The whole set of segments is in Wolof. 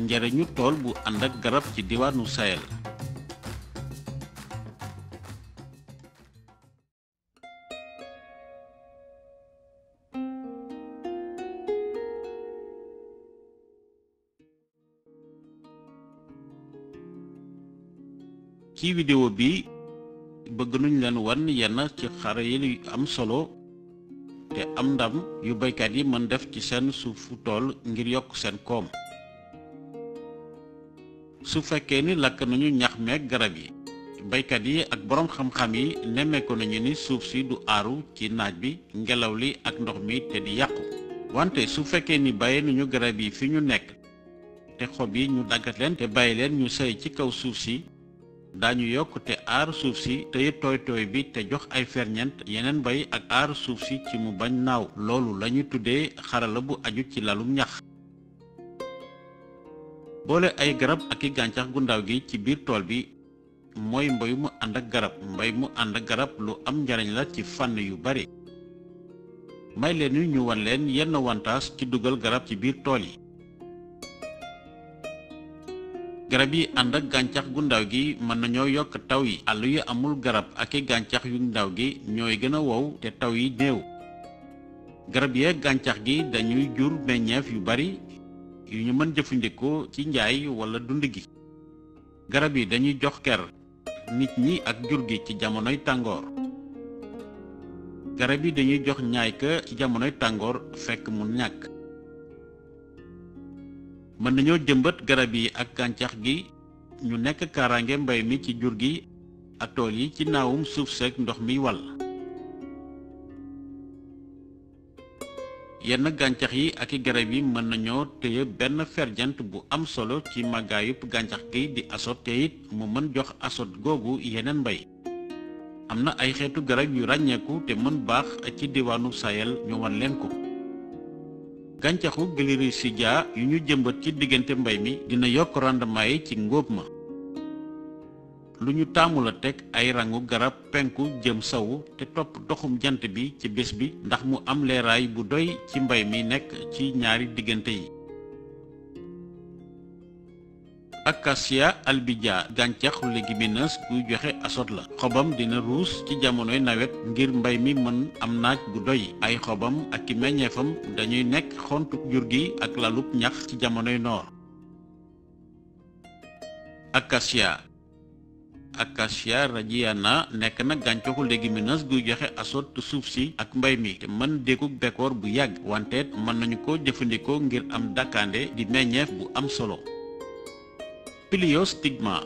njariñu tool bu ànd garab ci diwaanu Sahel. ci vidéo bi bëgg nañ leen wan yenn ci xare yi am solo te am ndam yu baykat yi mën def ci seen suufu tool ngir yokk seen koom su fekkee ni lakk nañu ñax meeg garab yi baykat yi ak boroom xam-xam yi nemmeeku nañu ni suuf si du aaru ci naaj bi ngelaw li ak ndox mi te di yàqu wante su fekkee ni bàyyi nañu garab yi fi ñu nekk te xob yi ñu daggat leen te bàyyi leen ñu sëy ci kaw suuf si daañu yokk te aar suuf si te tooy tooy bi te jox ay ferñent yeneen bay ak aar suuf si ci mu bañ naaw loolu lañuy tuddee xarala bu aju ci lalum ñax boole ay garab ak i gàncax gu ndaw gi ci biir tool bi mooy mbay mu ànd garab mbay mu ànd garab lu am njariñ la ci fànn yu bari may leen ñu ñu wan leen yenn wantaas ci dugal garab ci biir tool yi garab yi ànd ak gàncax gu ndaw gi mën nañoo yokk taw yi àll yi amul garab aki i gàncax yu ndaw gi ñooy gën a wow te taw yi néew garab yee gàncax gi dañuy jur meññeef yu bari yu ñu mën jëfandikoo ci njaay wala dund gi garab yi dañuy jox ker nit ñi ak jur gi ci jamonoy tàngoor garab yi dañuy jox ñaay ka ci jamonoy tàngoor fekk mu ñàkk mën nañoo jëmbat garab yi ak gàncax gi ñu nekk kaaraange mbay mi ci jur gi ak tool yi ci naawum suuf seeg ndox mi wal yenn gàncax yi ak i garab yi mën nañoo téye benn ferjant bu am solo ci màggaayub gàncax gi di azote te it mu mën jox azote googu yeneen mbay. am na ay xeetu garab yu ràññeeku te mën baax ci diwaanu Sahel ñu wan leen ko. gàncaxu Gliricidia yu ñu jëmbat ci diggante mbay mi dina yokk rendement yi ci ngóob ma. lu ñu taamu teg ay rangu garab penku jëm sawu te topp doxum jant bi ci bés bi ndax mu am leeraay bu doy ci mbay mi nekk ci ñaari diggante yi acacia albidia gàncaxu légumineuse buy joxe azote la xobam dina ruus ci jamonoy nawet ngir mbay mi mën am naaj bu doy ay xobam ak meññeefam dañuy nekk xontu jur gi ak lalub ñax ci jamonoy noor acacia acacia na nekk nag gàncaxu légumineuse guy joxe azote suuf si ak mbay mi te mën déggu bekkoor bu yàgg wanteet mën nañu ko jëfandikoo ngir am dàkkaande di meññeef bu am solo pliostigma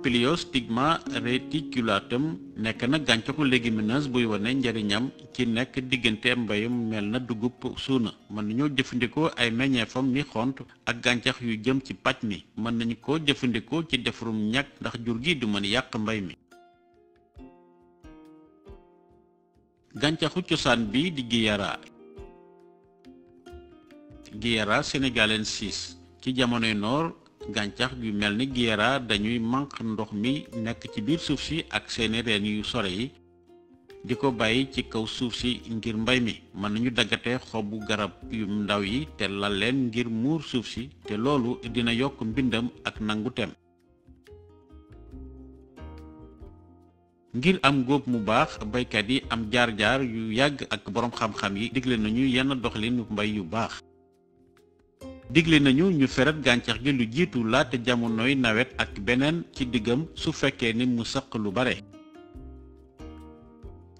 Pliostigma reticulatum nekk na gàncaxu légumineuse buy wane njariñam ci nekk diggante mbayum mel na dugub suuna mën nañoo jëfandikoo ay meññeefam ni xont ak gàncax yu jëm ci paj mi mën nañu ko jëfandikoo ci defarum ñag ndax jur gi du mën yàq mbay mi gàncaxu cosaan bi di giyara giyara sénégalensis ci jamonoy noor gàncax yu mel ni géera dañuy manq ndox mi nekk ci biir suuf si ak seeni reen yu sore yi di ko bàyyi ci kaw suuf si ngir mbay mi mën nañu daggate xobu garab yu ndaw yi te lal leen ngir muur suuf si te loolu dina yokk mbindam ak nangu tem ngir am góob mu baax baykat yi am jaar-jaar yu yàgg ak boroom xam-xam yi digle nañu yenn doxalin mbay yu baax digle nañu ñu ferat gàncax gi lu jiitu laate jamonoy nawet ak beneen ci diggam su fekkee ni mu sëq lu bare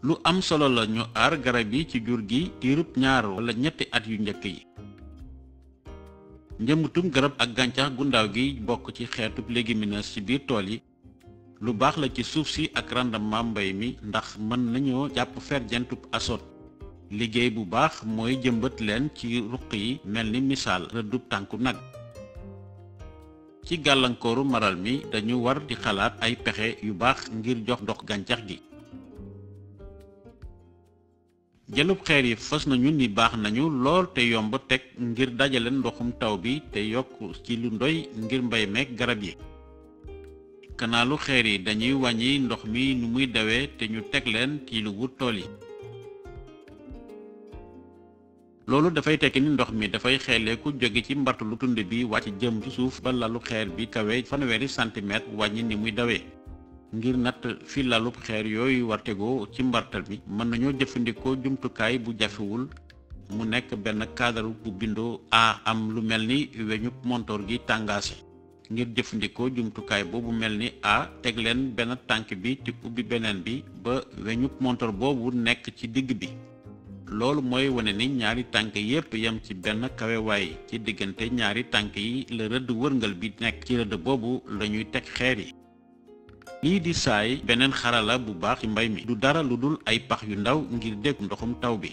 lu am solo la ñu aar garab yi ci jur gi diirub ñaar wala ñetti at yu njëkk yi njëmbatum garab ak gàncax gu ndaw gi bokk ci xeetub légumineuse ci biir tool yi lu baax la ci suuf si ak rendement mbay mi ndax mën nañoo jàpp ferjentub azote liggéey bu baax mooy jëmbat leen ci ruq yi mel ni misaal rëddub tànku nag ci gàllankooru maral mi dañu war di xalaat ay pexe yu baax ngir jox ndox gàncax gi jëlub xeer yi fas nañu ni baax nañu lool te yomb teg ngir dajale ndoxum taw bi te yokk ci lu ndoy ngir mbay meek garab yi kanaalu xeer yi dañuy wàññi ndox mi nu muy dawee te ñu teg leen ci lu tool yi loolu dafay tekki ni ndox mi dafay xeeleeku jóge ci mbartalu tund bi wàcc jëm ci suuf ba lalu xeer bi kawe fanweeri centimètre wàññi ni muy dawee ngir natt fi lalu xeer yooyu war tegoo ci mbartal bi mën nañoo jëfandikoo jumtukaay bu jafewul mu nekk benn cadre bu bindoo a am lu mel ni weñub montoor gi tàngaase ngir jëfandikoo jumtukaay boobu mel ni a teg leen benn tànk bi ci ubbi beneen bi ba weñub montoor boobu nekk ci digg bi loolu mooy wane ni ñaari tànk yépp yem ci benn kawewaay ci diggante ñaari tànk yi la rëdd wërngal bi nekk ci rëdd boobu lañuy teg xeer yi lii di saay beneen xarala bu baax ci mbay mi du dara lu dul ay pax yu ndaw ngir dégg ndoxum taw bi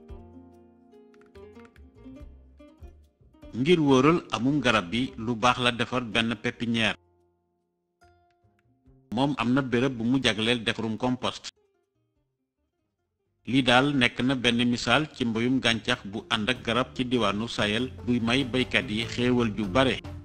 ngir wóoral amum garab bi lu baax la defar benn pépinière moom am na bërëb bu mu jagleel defarum compost lii daal nekk na benn misaal ci mbayum gàncax bu ànd ak garab ci diwaanu Sahel buy may baykat yi xéewal ju bare